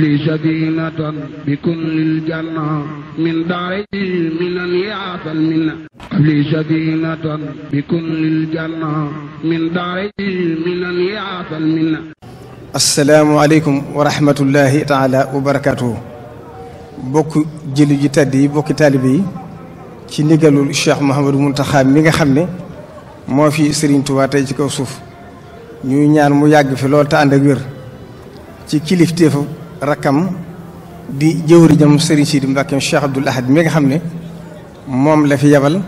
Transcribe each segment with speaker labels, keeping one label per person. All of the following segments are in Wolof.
Speaker 1: li sadinatan bi kullil janna min daari minan yaatal min daari yaatal minna assalaamu aleykum wa rahmatullahi taala wa bokk jëli ji bokki taalibe ci ndigalul Cheikh Mouhamadou Mountakha mi nga xam ne moo fi Sëriñ Tuubaa ci kaw suuf ñuy ñaan mu yàgg fi loolu te ànd ak wér ci kilifteefu rakkam di jëwriñam Serigne Sidi Mbacke Cheikh Abdoul Ahad mi nga xam ne moom la fi yabal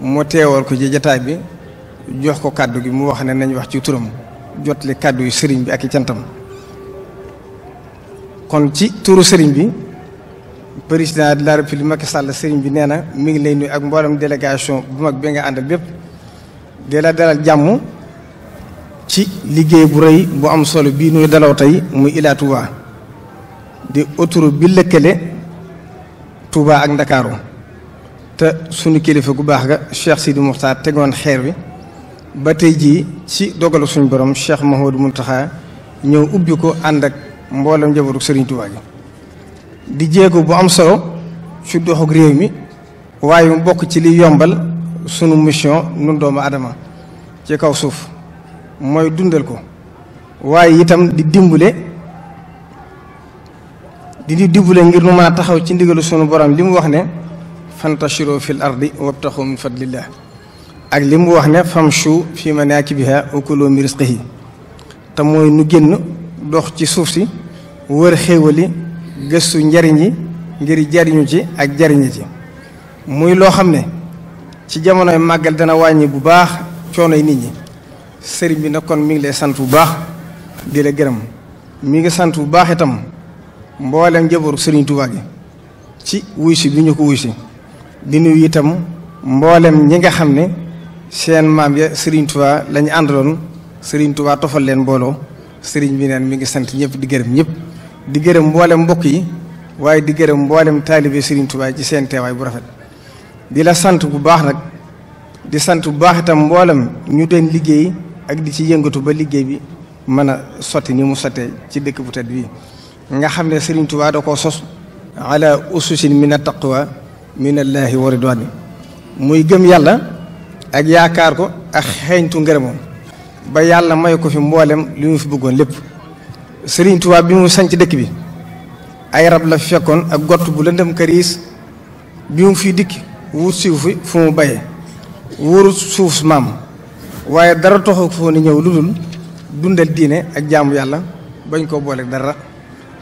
Speaker 1: mu teewal ko ci jataay bi jox ko kàddu gi mu wax ne nañ wax ci turam jot jotli kàddu yi sëriñ bi ak i cantam kon ci turu sëriñ bi président de la république Macky Sall sëriñ bi nee na mi ngi lay nuyu ak mboolem délégation bu mag bi nga àndal bépp di la dalal jàmm ci liggéey bu rëy bu am solo bii nuy dalaw tey muy Ila di autoroute bi lëkkale Touba ak Ndakaaru te sunu kilifa gu baax ga Cheikh Sidi Moukhtar tegoon xeer bi ba tey jii ci dogalu suñu borom Cheikh Mouhamadou Mountakha ñëw ubbi ko ànd ak mboolem njabootu Serigne Touba gi di jéego bu am solo ci doxug réew mi waaye mu bokk ci li yombal sunu mission nun doomu adama ci kaw suuf mooy dundal ko waaye itam di dimbale di ñu dimbale ngir nu mën a taxaw ci ndigalu sunu borom li mu wax ne fantashiro fil ardi wabtaxu min fadlillah ak li mu wax ne fam famshu fi manakibiha wa kulu min rizqihi te mooy nu génn dox ci suuf si wër xéewali gëstu njariñ yi ngir jariñu ci ak jariñu ci muy loo xam ne ci jamonoy màggal dana wàññi bu baax coonoy nit ñi sëriñ bi nag kon mi ngi lay sant bu baax di la gërëm mi ngi sant bu baax itam mboolem njabootu Serigne Touba ci wuy si bi ñu ko wuy si di nuyu itam mboolem ñi nga xam ne seen maam ya Serigne Touba lañu àndaloon Serigne Touba tofal leen mbooloo Serigne bi neen mi ngi sant ñëpp di gërëm ñëpp di gërëm mboolem mbokk yi waaye di gërëm mboolem taalibe Serigne ci seen teewaay bu rafet di la sant bu baax nag di sant bu baax itam mboolem ñu doon liggéey ak di ci yëngatu ba liggéey bi mën a sotti ni mu sottee ci dëkk bu tedd bii nga xam ne Serigne Touba da koo sos ala ususin min a taqwa min allaahi muy gëm yàlla ak yaakaar ko ak xeeñtu ngërëmoom ba yàlla may ko fi mboolem li mu fi bëggoon lépp sëriñ tubaab bi mu sanc dëkk bi ay rab la fi fekkoon ak gott bu lëndëm këriis bi mu fiy dikk wut suuf fu mu bayee wóorut suuf maam waaye dara toxu foo ni ñëw lu dul dundal diine ak jaamu yàlla bañ koo boole dara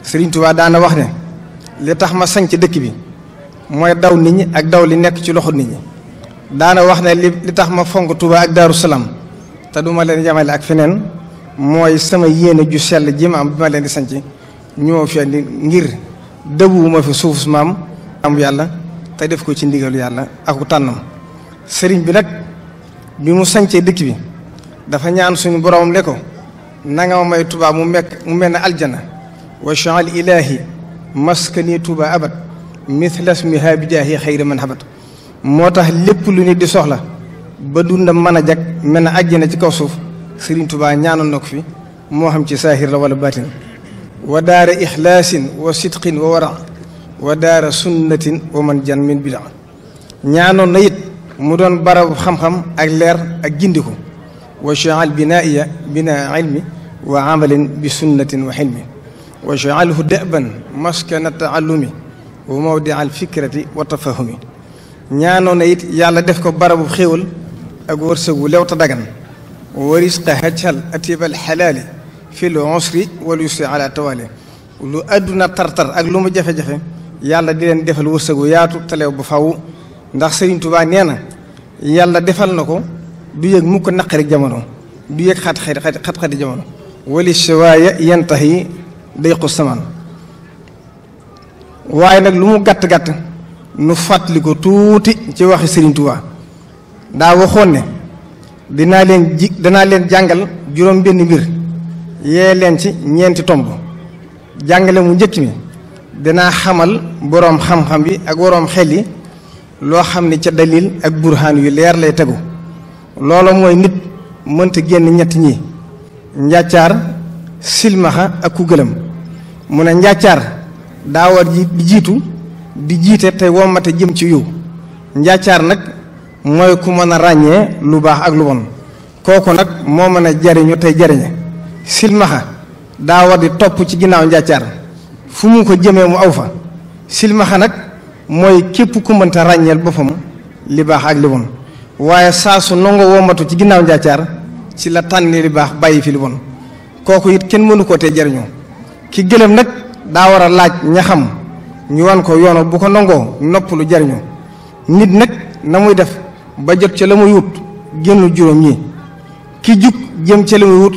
Speaker 1: Sëriñ Tuubaa daana wax ne li tax ma sanc dëkk bi mooy daw nit ñi ak daw li nekk ci loxo nit daana wax ne li tax ma fonk Tuubaa ak Daaru Salaam te duma leen yamale ak feneen mooy sama yéene ju sell ji ma am bi ma leen di sanc ñoo fi andi ngir dëbuwuma fi suuf maam am yàlla te def ko ci ndigalu yàlla aku tànnam sëriñ bi nag bi mu sañcee dëkk bi dafa ñaan suñu boroom ne ko nanga ma may Tuubaa mu mekk mu mel ne aljana wa wajaal ilaahi maskani tuuba abad mithla smiha bijaahi xayri man habat moo tax lépp lu nit di soxla ba dundam mën a jag mel na àjjana ci kaw suuf sëriñ tuuba ñaanoon na fi moo xam ci saahir walla wala baatin wa daara ixlaasin wa sidqin wa wara wa daara sunnatin wa man jan min bidaa ñaanoon na mu doon barabu xam-xam ak leer ak gindiku wa jaal binaa iya binaa ilmi wa amalin bi sunnatin wa xilmi waj'alhu da'ban maskana ta'allumi wa mawdi'al fikrati wa tafahumi ñaanoon na it yàlla def ko barabu xéwal ak wërsëgu lew ta dagan wa risqa hajal atibal xalaali fi l usri wal yusri ala tawali lu àdduna tartar ak lu mu jafe-jafe yàlla di leen defal wërsëgu yaatu telew ba faw ndax Sëriñ Tuubaa nee na yàlla defal na ko du yëg mukk naqari jamono du yëg day xos waaye nag lu mu gàtt gàtt nu fàttali ko tuuti ci wax Serigne daa waxoon ne dinaa leen ji danaa leen jàngal juróom benn mbir yee leen ci ñeenti tomb jàngale mu njëkk mi danaa xamal boroom xam-xam bi ak woroom xel yi loo xam ne ca dalil ak burhaan yu leer lay tegu loola mooy nit mënta génn ñett ñi njàccaar silmaxa ak ku gëlëm mu ne njàccaar daa war ji di jiitu di jiite tey wommate jëm ci yow njàccaar nag mooy ku mën a ràññee lu baax ak lu bon kooku nag moo mën a jariñu tey jariñe silmaxa daa war di topp ci ginnaaw njàccaar fu mu ko jëmee mu aw fa silmaxa nag mooy képp ku mënta ràññeel boppam li baax ak li bon waaye saa su nangoo wommatu ci ginnaaw njàccaar ci la tànni li baax bàyyi fi li bon kooku it kenn mënu koo tee jariñoo ki gëlëm nag daa war a laaj ña xam ñu wan ko yoonal bu ko nangoo nopp lu jariñoo nit nag na muy def ba jot ca la muy wut génn juróom ñi ki jug jëm ca la muy wut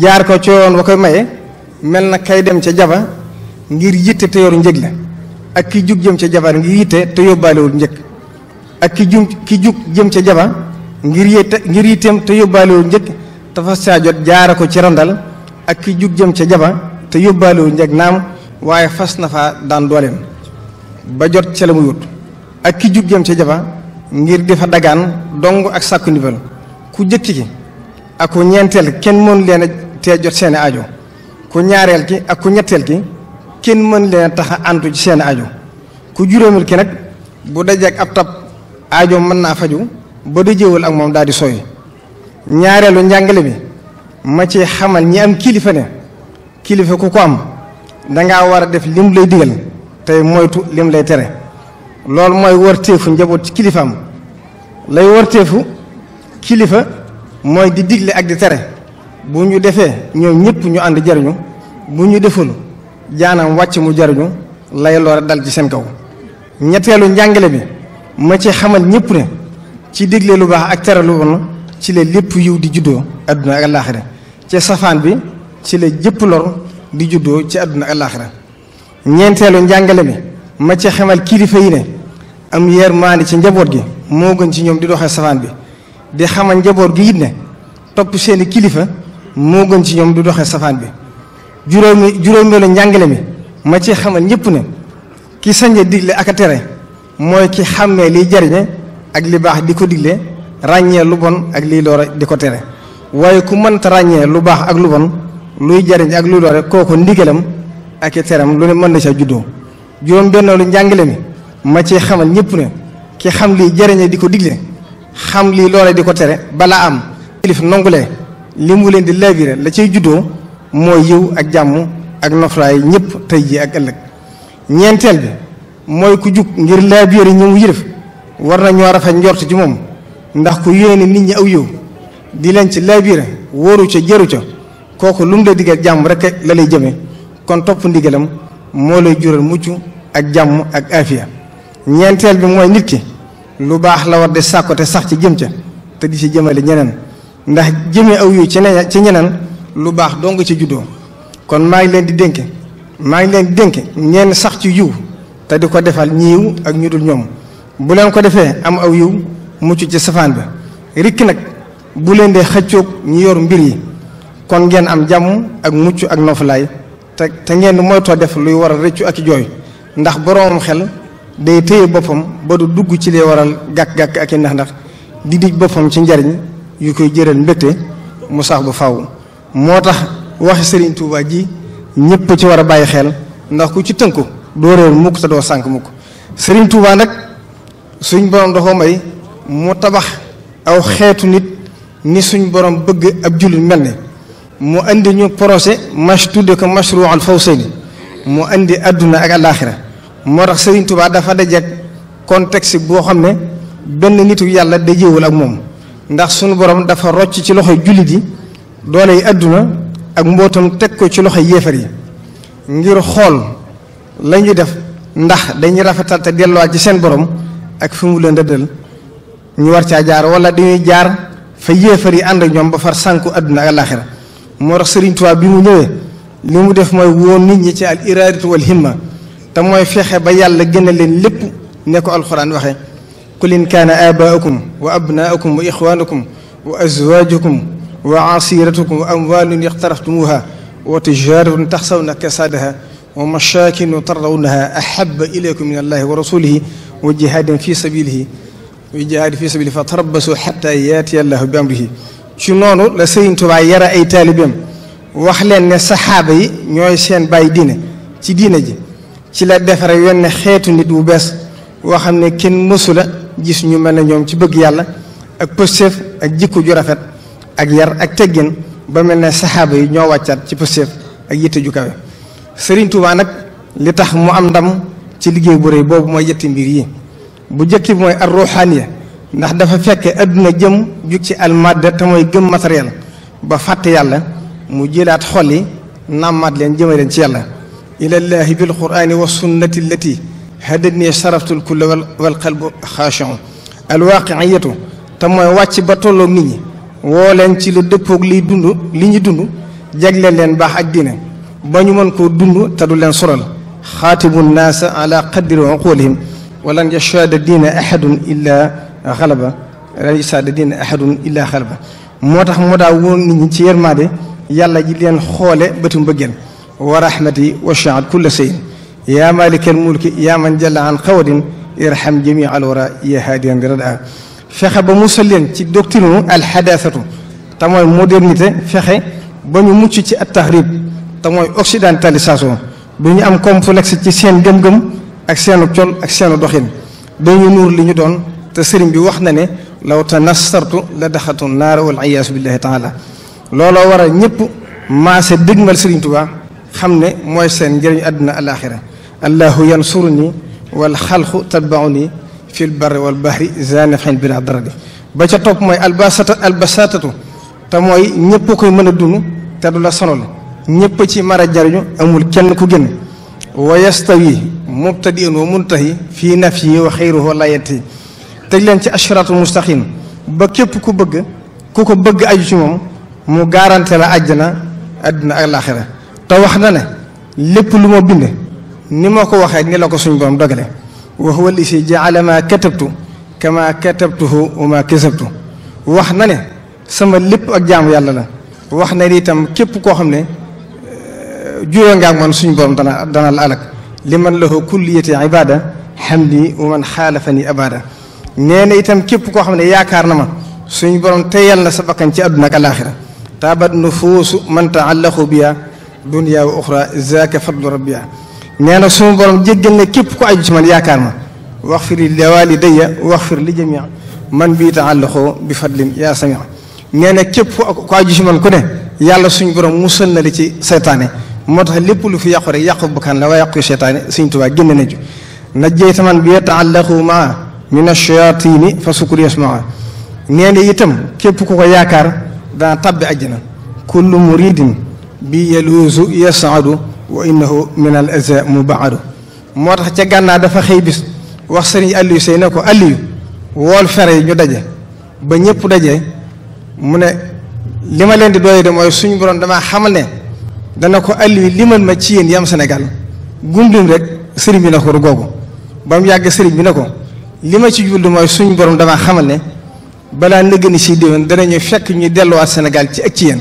Speaker 1: jaar ko ca yoon wa koy maye mel na kay dem ca jaba ngir yitte te yoru njëg la ak ki jug jëm ca jabar ngir yitte te yóbbaalewul njëg ak ki jum ki jug jëm ca jaba ngir yitte ngir yitteem te yóbbaalewul njëg dafa saa jot jaara ko ci randal ak ki jug jëm ca jaba te yóbbaalewu njëg naam waaye fas na fa daan dooleem ba jot ca la muy ak ki jug jëm ca jaba ngir di fa dagaan dong ak sàkku ku jëkk ki ak ku ñeenteel kenn mën leen a tee jot seeni ajo ku ñaareel ki ak ku ñetteel ki kenn mën leen a tax a àntu ci seeni ajo ku juróomeel ki nag bu dajeek ab tab aajo mën naa faju ba dajewul ak moom daal di soy ñaareelu njàngale bi ma ci xamal ñi am kilifa ne kilifa ku ko am dangaa war a def lim lay digal tey moytu lim lay tere loolu mooy warteefu njaboot ci kilifaam lay warteefu kilifa mooy di digle ak di tere bu ñu defee ñoom ñëpp ñu ànd jariñu bu ñu deful jaanam wàcc mu jariñu lay lore dal ci seen kaw ñetteelu njàngale bi ma ci xamal ñëpp ne ci digle lu baax ak tere lu bon ci la lépp yiw di juddoo adduna ak àllaaxira ci safaan bi ci la jëpp lor di juddoo ci àdduna alaaxira ñeenteelu njàngale mi ma ci xamal kilifa yi ne am yërmande ci njaboot gi moo gën ci ñoom di doxee safaan bi di xamal njaboot gi it ne topp seeni kilifa moo gën ci ñoom di doxee safaan bi juróomi juróomeelu njàngale mi ma ci xamal ñëpp ne ki sañ digle ak a tere mooy ki xam ne liy jariñe ak li di ko digle ràññee lu bon ak liy lor di ko tere waaye ku mënta ràññee lu baax ak lu bon luy jariñ ak luy doore kooku ndigalam ak i teram lu ne mën na ca juddoo juróom benn lu njàngale mi ma ci xamal ñëpp ne ki xam lii jariñe di ko digle xam lii loole di ko tere balaa am kilif nongulee li mu leen di labiré la ciy juddoo mooy yiw ak jàmm ak nofraay ñëpp tey ji ak ëllëg ñeenteel bi mooy ku jug ngir labiré ñi mu yilif war na ñoo rafet njort ci moom ndax ku yéene nit ñi aw yiw di leen ci laabiire wóoru ca jëru ca kooku lu mu la digal jàmm rek la lay jëmee kon topp ndigalam moo lay jural mucc ak jàmm ak afiya ñeenteel bi mooy nit ki lu baax la war di sàkko te sax ci jëm ca te di ci jëmale ñeneen ndax jëmee aw yu ci ci ñeneen lu baax doo nga ci juddoo kon maa ngi leen di dénk maa ngi leen di dénk ngeen sax ci yiw te di ko defal ñiiw ak ñu dul ñoom bu leen ko defee am aw yiw mucc ci safaan bi rikk nag bu leen dee xëccook ñi yor mbir yi kon ngeen am jàmm ak mucc ak noflaay te te ngeen moytoo def luy waral rëccu ak jooy ndax boroomam xel day téye boppam ba du dugg ci liy waral gàkk-gàkk ak i ndax ndax di dij boppam ci njariñ yu koy jëreel mbëtte mu sax bu faw moo tax waxi sëriñ tuubaa ji ñëpp ci war a bàyyi xel ndax ku ci tënku doo réer mukk te doo sànk mukk Serigne Touba nag suñ borom da may mu tabax aw xeetu nit ni suñ borom bëgg ab jullit mel ne mu indi ñu projet mach tudde ko mashruul fawsayni mu indi àdduna ak alaaxira moo tax Serigne Touba dafa dajeek contexte boo xam ne benn nitu yàlla dajewul ak moom ndax suñu borom dafa rocc ci loxo jullit yi doole yi àdduna ak mbootam teg ko ci loxo yéefar yi ngir xool la ñuy def ndax dañuy rafetal te delluwaat ci seen borom ak fi mu leen dëddal ñu war caa jaar wala dañuy jaar. fa yéefar yi ànd ak ñoom ba far sànku àdduna ak alaaxira moo tax Sëriñ Tuubaa bi mu ñëwee li mu def mooy woon nit ñi ci al iraadatu wal himma te mooy fexe ba yàlla gën a leen lépp ne ko alxuraan waxee qul in kaana aabaa'ukum wa abnaa'ukum wa ixwaanukum wa azwaajukum wa asiiratukum wa amwaalun iqtaraftumuuha wa tijaaratun taxsawna kasaadaha wa masaakinu tardawnaha ahabba ilaykum min allahi wa rasulihi wa jihaadin fi sabilihi yu jihaadi fi sabili fa tarabbasu xatta yaati allahu bi amrihi ci noonu la Sëriñ Tuubaa yara ay taalibeem wax leen ne saxaaba yi ñooy seen bàyyi diine ci diine ji ci la defare wenn xeetu nit wu bees woo xam ne kenn mësula la gis ñu mel ne ñoom ci bëgg yàlla ak pëstéef ak jikko ju rafet ak yar ak teggin ba mel ne saxaaba yi ñoo wàccaat ci pëstéef ak yitte ju kawe Sëriñ Tuubaa nag li tax mu am ndam ci liggéey bu rëy boobu mooy yetti mbir yi bu njëkk bi mooy ar ruuxaaniya ndax dafa fekk adduna jëm jug ci al madda te mooy gëm matériel ba fàtte yàlla mu jëlaat xolli yi nàmmaat leen jëme leen ci yàlla ilallaahi bil quraani wa sunnati allati hadatni saraftul kulla wal qalbu xaashi'un al waaqiyatu te mooy wàcc ba tolloog nit ñi woo leen ci lu dëppoog liy dund li ñu dund jagleel leen baax ak diine ba ñu mën koo dund te du leen soral xaatibu naasa ala qadri uqulihim walan yashhada diina ahadun illaa xalaba walan yashhada diina ahadun illaa xalaba moo tax moo daa woon nit ñi ci yërmaade yàlla ji leen xoole bëtu mbëggeel wa rahmati wasi'at kulla shay'in yaa maalikal mulki yaa man jalla an xawadin irham jamii al wara yaa haadiyan li radaa fexe ba musal leen ci doctrine al te mooy modernité fexe ba ñu mucc ci at tahrib te mooy occidentalisation bu ñu am complexe ci seen gëm-gëm ak seenu col ak seenu doxin dañu nuur li ñu doon te sëriñ bi wax na ne law tanassartu la daxatu naara wal iyaasu billahi taala looloo war a ñëpp maase dëgmal sëriñ Tuubaa xam ne mooy seen njëriñu àdduna alaaxira allahu yansuruni wal xalqu tatbauni fil barri wal bahri zanifin bi daradi ba ca topp mooy albasata albasatatu te mooy ñëpp koy mën a dund te du la sonal ñëpp ci mara jariñu amul kenn ku génn wa yastawi mubtadi'un wa muntahi fii nafyi wa xayruhu la yantahi teg leen ci ashratul mustaqim ba képp ku bëgg ku ko bëgg aju ci moom mu garanté la àjjana àddina ak laaxira te wax na ne lépp lu ma bind ni ma ko waxee ni la ko suñ borom dogale wa huwa lisi jaala ma katabtu kama katabtuhu wa ma kasabtu wax na ne sama lépp ak jaamu yàlla la wax na ni itam képp koo xam ne juyoo nga ak man suñu borom dana dana la alak li man lahu kulliyati ibada hamdi wa man xaalafani abada nee itam képp koo xam ne yaakaar na ma suñu borom teyal na sa bakkan ci àdduna ak alaaxira taabat nufuusu man taallaqu biha dunya wa uxra zaaka fadlu rabbiha nee na suñu borom jéggal na képp ko aju ci man yaakaar ma waxfir li walidayya waxfir li jamia man bii taallaqoo bi fadlin yaa samia nee na képp ko aju ci man ku ne yàlla suñu borom musal na li ci saytaane moo tax lépp lu fi yàqu rek yàqu bakkan la waa yàqu seytaane Sëriñ Tuubaa génn na ju najjayta man bi yataallaqu maa min ash-shayaatini fa sukur yasmaa nee na itam képp ku ko yaakaar dana tabbi àjjana kullu muridin bi yaluusu yasaadu wa innahu min al aza moo tax ca gànnaa dafa xëy bis wax sëriñ Aliou Sey ne ko Aliou wool fere yi ñu daje ba ñëpp daje mu ne li ma leen di doy de mooy suñu borom damaa xamal ne dana ko alluwi limal ma ci yéen yam Sénégal gumlim rek sëriñ bi na ko googu ba mu yàgg sëriñ bi na ko li ma ci jublu mooy suñu borom damaa xamal ne balaa nëgëni si dana danañu fekk ñu delluwaat Sénégal ci ak ci yéen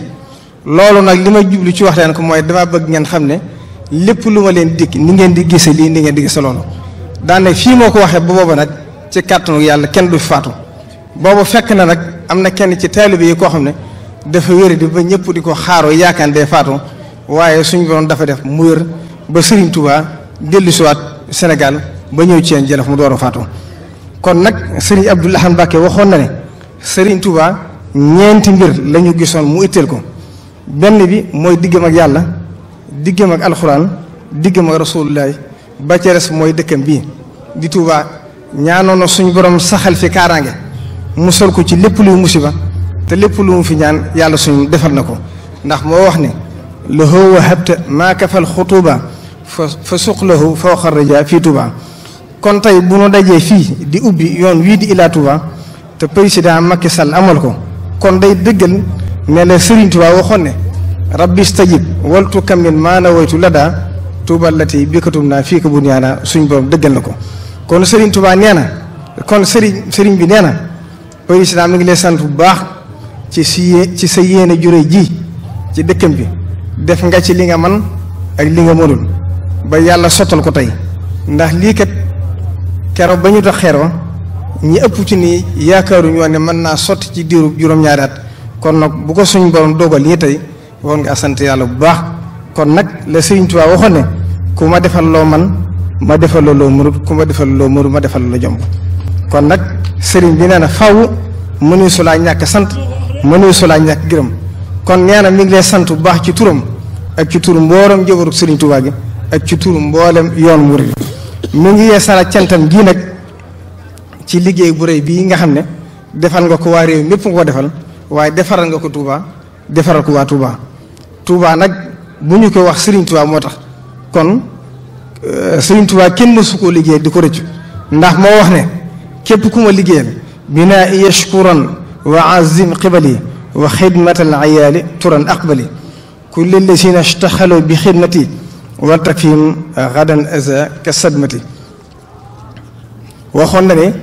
Speaker 1: loolu nag li ma jublu ci wax leen ko mooy damaa bëgg ngeen xam ne lépp lu ma leen dikk ni ngeen di gise lii ni ngeen di gise loolu daane fii moo ko waxee ba boobu nag ci kàttanu yàlla kenn du faatu boobu fekk na nag am na kenn ci taalibe yi koo xam ne dafa ba ñëpp di ko xaaroo yaakaar dee waaye suñ borom dafa def mu wér ba Serigne Touba dellusiwaat Sénégal ba ñëw ci Jolof mu door a kon nag Serigne Abdoul Ahad Mbacké waxoon na ne Serigne Touba ñeenti mbir la ñu gisoon mu itteel ko benn bi mooy diggam ak yàlla diggam ak alxuraan diggam ak rasuulullahi ba ca res mooy dëkkam bii di Touba ñaanoon na suñ borom saxal fi kaaraange sol ko ci lépp luy musiba te lépp lu mu fi ñaan yàlla suñu defal na ko ndax moo wax ne. lahu wahabta maa kafal xutuba fa fa suqlahu fawqa rija fii Touba kon tey bu nu dajee fii di ubbi yoon wii di ilaa Touba te président Macky sal amal ko kon day dëggal ne la Serigne Touba waxoon ne rabbi stajib waltu kammil maa nawaytu ladaa Touba lati bikatum naa fii ko bu ñaana suñ borom dëggal na ko kon Serigne Touba nee na kon Serigne sëriñ bi nee na président mi ngi lay sant bu baax ci si ci sa yéene jure ji ci dëkkam bi. def nga ci li nga man ak li nga mënul ba yàlla sottal ko tey ndax lii kat kero ba ñu dox xeeroo ñi ëpp ci nii yaakaaruñu woon ne mën naa sotti ci diiru juróom-ñaari kon nag bu ko suñ borom dogal lii tey war nga sant yàlla bu baax kon nag la Sëriñ Tuubaa waxoon ne ku ma defal loo man ma defal loo mënut ku ma defal loo mënut ma defal la jomb kon nag sëriñ bi nee na faw mënuy sulaa ñàkk sant mënuy sulaa ñàkk gërëm kon nee na mi ngi lay sant bu baax ci turam ak ci turu mboolem njëbaru Serigne Touba gi ak ci turu mboolem yoon murid mu ngi yeesala cantam gii nag ci liggéey bu rëy bii nga xam ne defal nga ko waa réew mépp nga ko defal waaye defaral nga ko Touba defaral ko waa Touba Touba nag bu ñu ko wax Serigne Touba moo tax kon euh, Serigne Touba kenn mësu koo liggéey di ko rëccu ndax moo wax ne képp ku ma liggéeyal binaa yashkuran wa azim qibali wa xidmatal ayaali turan aqbali kulli te shtaxalo bi xidmati wa takfihim gadan aza ka sadmati waxoon na ne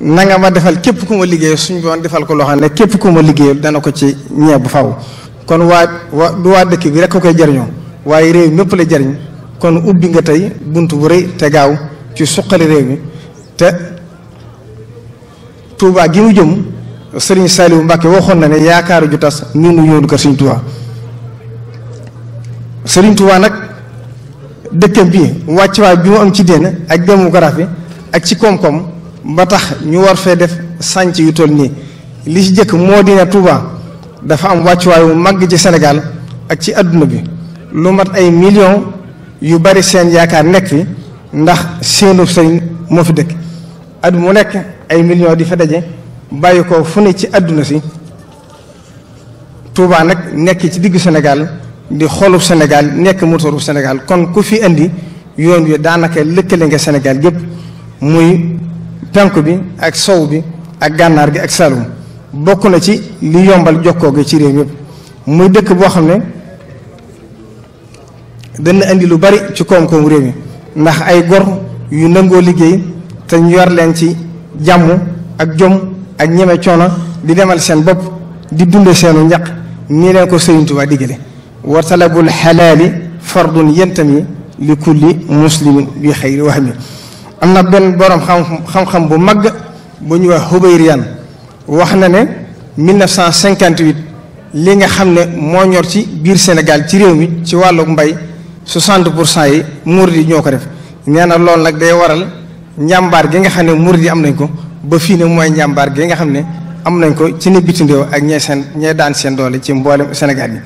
Speaker 1: nanga ma defal képp ku ma liggéey suñ boon defal ko loo xam ne képp ku ma liggéeyal dana ko ci ñee bu faw kon waa wa du waa dëkk bi rek koy jariñoo waaye réew mépp la jariñ kon ubbi nga tey bunt bu rëy te gaaw ci suqali réew mi te Touba gi mu jëm Serigne Saliou Mbacke waxoon na ne yaakaaru ju tas ñun ñu ñëw ko Serigne Touba Serigne Touba nag dëkkam bi wàccuwaay bi mu am ci dénn ak démographie ak ci koom-koom ba tax ñu war fee def sànc yu toll nii li ci jëkk moo dina Touba dafa am wàccuwaay wu màgg ci Sénégal ak ci àdduna bi lu mat ay millions yu bari seen yaakaar nekk fi ndax seenu sëriñ moo fi dëkk at mu nekk ay millions di fa daje bàyyi ko fu ne ci àdduna si Touba nag nekk ci diggu Sénégal di xoolu Sénégal nekk motoru Sénégal kon ku fi indi yoon wi daanaka lëkkale nga Sénégal gépp muy penku bi ak sow bi ak gànnaar gi ak Saloum bokk na ci li yombal jokkoo gi ci réew yëpp muy dëkk boo xam ne dana indi lu bari ci koom-koom réew yi ndax ay gor yu nangoo liggéey te ñu yor leen ci jàmm ak jom ak ñeme coono di demal seen bopp di dunde seenu njaq nii leen ko Sëriñ Tuubaa diggale wa talabul xalaali fardun yentami li kulli muslimin xëy wax wahmi am na benn borom xam-xam bu mag bu ñuy wax Hubayriyan wax na ne 1958 li nga xam ne moo ñor ci biir Sénégal ci réew mi ci wàlluk mbay 60 pour cent yi murid yi ñoo ko def nee na loolu nag day waral njàmbaar gi nga xam ne murid yi am nañ ko ba fii ne mooy njàmbaar gi nga xam ne am nañ ko ci ne bitim réew ak ñee seen ñee daan seen doole ci mboolem Sénégal yi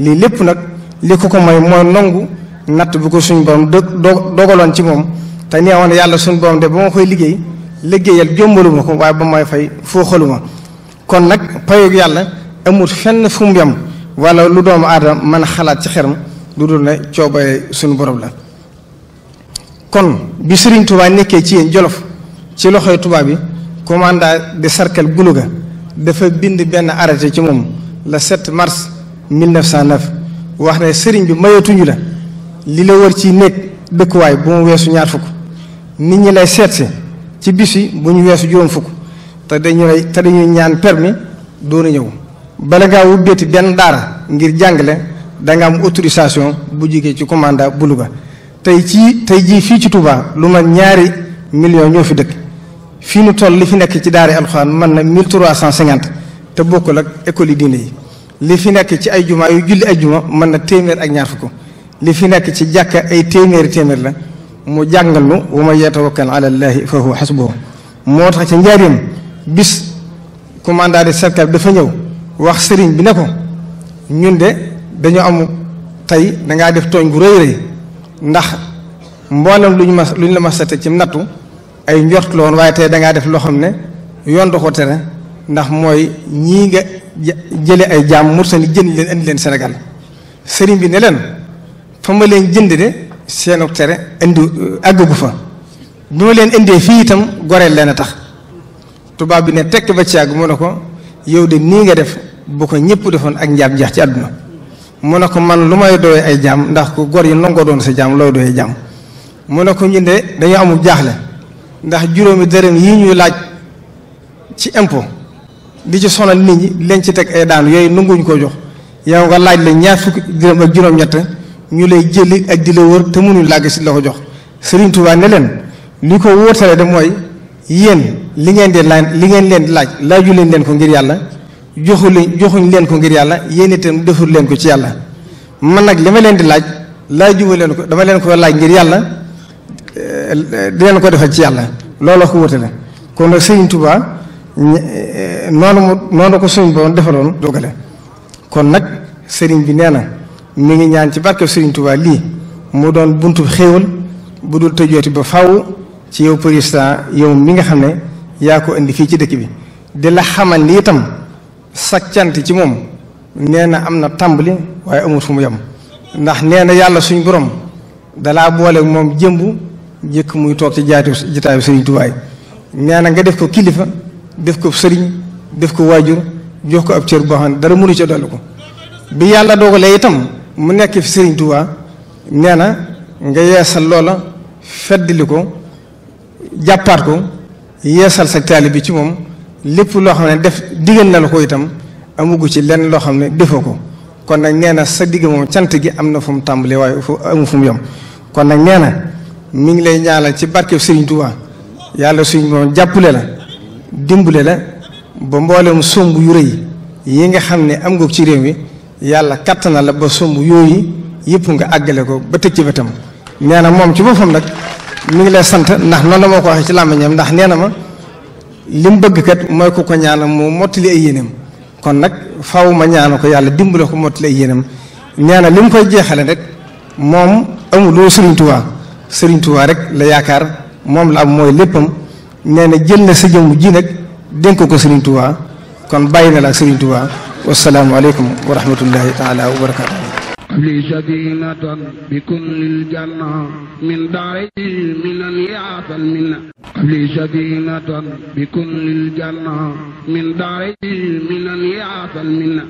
Speaker 1: lii lépp nag li ko ko may mooy nangu natt bu ko suñ borom dogaloon ci moom te neewoon na yàlla suñ borom de ba ma koy liggéey liggéeyal jombalu ko waaye ba may fay foo xalu ma kon nag payoog yàlla amut fenn fu mu yem wala lu doomu aadama mën a xalaat ci xeram lu dul na coobare suñu borom la kon bi Serigne Touba nekkee ci yéen Jolof ci loxoy tubaab yi commandant de cercle Goulouga dafa bind benn arrêté ci moom le 7 mars 1909 wax ne sëriñ bi mayatuñu la li la wër ci néeg dëkkuwaay bu mu weesu ñaar fukk nit ñi lay seetsi ci bis yi bu ñu weesu juróom fukk te dañu lay dañuy ñaan permi doon a ñëw bala ngaa wubbeeti benn daara ngir jàngale danga am autorisation bu jigee ci commanda bu Louga tey ci tey jii fii ci Touba lu ma ñaari million ñoo fi dëkk fii nu toll li fi nekk ci daara alxuraan mën na mille cent cinquante te bokkul ak école yi diine yi li fi nekk ci ay jumaa yu julli ay juma mën na téeméer ak ñaar ko li fi nekk ci jàkk ay téeméeri téeméer la mu jàngal nu wa man yatawakkal ala llaahi fa huwa xasbuhu moo tax ci njaarim bis commandant de cercle dafa ñëw wax sëriñ bi ne ko ñun de dañoo am tey dangaa def tooñ bu rëy rëy ndax mboolem luñ ma luñ la ma sate ci nattu ay njort la woon waaye tey dangaa def loo xam ne yoon da ko tere ndax mooy ñii nga jële ay jaam mursali jën leen indi leen senegal sëriñ bi ne leen fa ma leen jënd de seenu tere indi euh, àggagu fa bi ma leen indee fii itam goreel leen a tax tubaab bi ne tekk ba ci àgg mu ne ko yow de nii nga def bu ko ñëpp defoon ak njaab jeex ci àdduna mun ne ko man lu may doy ay jaam ndax ko gor yi nangoo doon sa jaam looy doy jaam mu ne ko ñun de dañoo amul jaaxle ndax juróomi dërëm yi ñuy laaj ci impôt di ci sonal nit ñi leen ci teg ay daan yooyu nanguñ koo jox yow nga laaj la ñaar fukki dërëm ak juróom-ñett ñu lay jëli ak di la wër te mënuñ làgg si la ko jox Serigne Touba ne leen li ko wóotale de mooy yéen li ngeen di laaj li ngeen leen di laaj laaju leen leen ko ngir yàlla joxu leen joxuñ leen ngir yàlla yéen deful leen ko ci yàlla man nag li leen di laaj laajuwa leen ko dama leen ko laaj ngir yàlla eh, di leen ko defal ci yàlla looloo ko wóotale kon nag Serigne Touba. Eh, noonu moo noonu ko suñ borom defaloon dogale kon nag sëriñ bi nee na mi ngi ñaan ci barke sëriñ Touba lii mu doon buntu xéewal bu dul tëjooti ba faw ci yow président yow mi nga xam ne yaa ko indi fii ci dëkk bi di la xamal ni tam sag ci moom nee na am na tàmbali waaye amul fu mu yem ndax nee na yàlla suñ borom dalaa boole moom jëmb jëkk muy toog ci jaatu jitaayu sëriñ Touba yi na nga def ko kilifa def ko sëriñ def ko waajur jox ko ab cër boo xam ne dara mënu ca dal ko bi yàlla doo ko lee itam mu nekk fi sëriñ Tuubaa nee na nga yeesal loola feddli ko jàppaat ko yeesal sa taali bi ci moom lépp loo xam ne def digal na la ko itam amugu ci lenn loo xam ne defoo ko kon nag nee na sa digg moom cant gi am na fu mu tàmbalee waaye fu amu fu mu yom kon nag nee na mi ngi lay ñaanal ci barkeb sëriñ Tuubaa yàlla suñ moom jàppale la dimbale la ba mboolem somb yu rëy yi nga xam ne am nga ci réew yi yàlla kattan na la ba somb yooyu yëpp nga àggale ko ba tëj ci bëtam nee na moom ci boppam nag mi ngi lay sant ndax noonu la moo ko waxee ci làmmiñam ndax nee na ma li mu bëgg kat mooy ku ko ñaanam mu mottali ay yéenam kon nag faw ma ñaanal ko yàlla dimbale ko mottali ay yéenam nee na li mu koy jeexale rek moom amul loolu Serigne Touba Serigne Touba rek la yaakaar moom la am mooy léppam. nee na jël na sa jëmm ji nag dénk ko Serigne Touba kon bàyyi na la ak Serigne Touba wasalaamu aleykum wa rahmatullahi taala wa barakaatu li sadinatan bikun lil janna min daari minan yaatal minna li sadinatan bikun lil janna min daari minan yaatal minna